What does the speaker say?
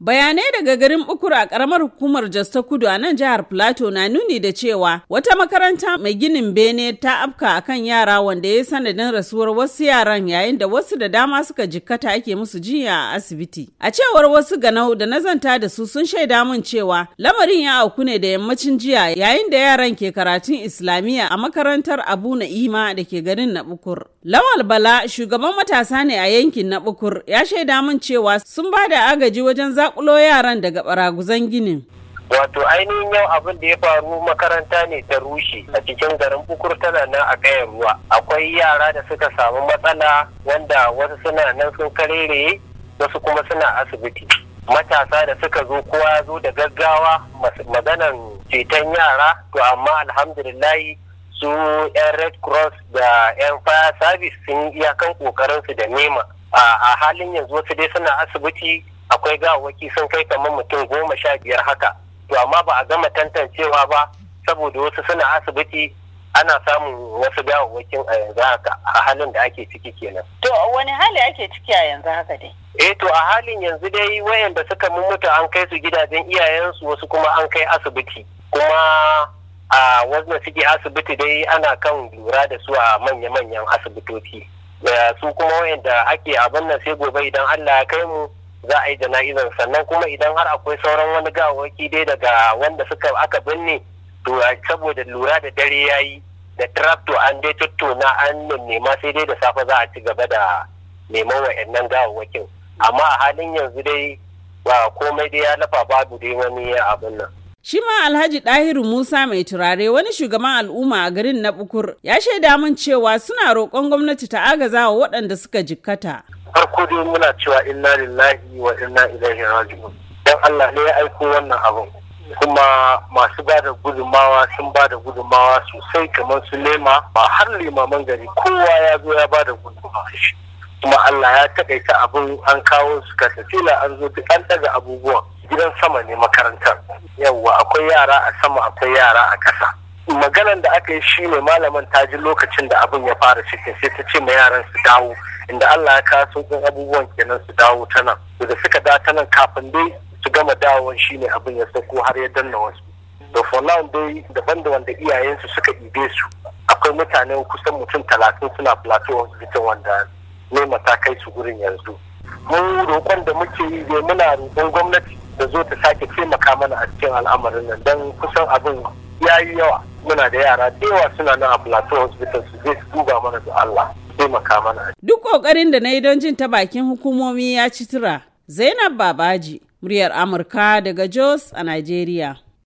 Bayanai daga garin Bukur a karamar hukumar Jos ta Kudu a nan jihar plato na nuni da cewa wata makaranta mai ginin bene ta afka a kan yara wanda ya sanadin rasuwar wasu yaran yayin da wasu da dama suka jikkata ake musu jinya a asibiti. A cewar wasu ganau da nazanta da su sun shaida mun cewa lamarin ya auku ne da yammacin jiya yayin da yaran ke karatun Islamiyya a makarantar Abu Na'ima da ke garin na Nabukur. Lawal Bala shugaban matasa ne a yankin na Nabukur ya shaida mun cewa sun ba da agaji wajen zakulo yaran daga baraguzan ginin. Wato ainihin yau abin da ya faru makaranta ne ta rushe a cikin garin bukur tana nan a ƙayar ruwa. Akwai yara da suka samu matsala wanda wasu suna nan sun karere wasu kuma suna asibiti. Matasa da suka zo kowa ya zo da gaggawa maganan ceton yara to amma alhamdulillahi su 'yan red cross da 'yan fire service sun iyakan kokarinsu da nema a halin yanzu wasu dai suna asibiti akwai gawaki sun kai kamar mutum goma sha biyar haka to amma ba a gama tantancewa ba saboda wasu suna asibiti ana samun wasu gawakin a yanzu haka a halin da ake ciki kenan. To wani hali ake ciki a yanzu haka dai? Eh to a halin yanzu dai wayanda suka mutu an kai su gidajen iyayensu wasu kuma an kai asibiti kuma a wanda suke asibiti dai ana kan lura da su a manya-manyan asibitoci. Su kuma wayanda ake abin nan sai gobe idan Allah ya kai mu za a yi jana'izar sannan kuma idan har akwai sauran wani gawawaki dai daga wanda suka aka binne to saboda lura da dare ya yi da tractor an dai tattona an nema sai dai da safe za a ci gaba da neman wa'annan gawawakin amma a halin yanzu dai ba komai dai ya lafa babu dai wani abin nan Shi ma Alhaji Ɗahiru Musa mai turare wani shugaban al'umma a garin na Bukur ya shaida min cewa suna roƙon gwamnati ta agaza wa waɗanda suka jikkata. farko dai muna cewa inna lillahi wa inna ilaihi raji'un dan Allah ne ya aiko wannan abin kuma masu ba da gudunmawa sun ba da gudunmawa sosai kamar su lema ba har limaman gari kowa ya zo ya ba da gudunmawa shi kuma Allah ya takaita abin an kawo su tafila an zo duk an daga abubuwan gidan sama ne makarantar yawwa akwai yara a sama akwai yara a ƙasa maganan da aka yi shi ne malaman ta ji lokacin da abin ya fara cikin sai ta ce ma yaran su dawo inda Allah ya kaso ɗin abubuwan kenan su dawo ta nan da suka da ta nan kafin dai su gama dawon shine abin ya sauko har ya danna wasu da for dai daban da wanda iyayensu suka ibe su akwai mutane kusan mutum talatin suna plateau hospital wanda ne matakai su gurin yanzu mun roƙon da muke yi dai muna roƙon gwamnati da zo ta sake taimaka mana a cikin al'amarin nan don kusan abin ya yi yawa muna da yara da yawa suna nan a plateau hospital su zai su duba mana su Allah taimaka mana. Duk ƙoƙarin da na yi don jin ta bakin hukumomi ya ci tura. Zainab Babaji, muryar Amurka daga Jos a Najeriya.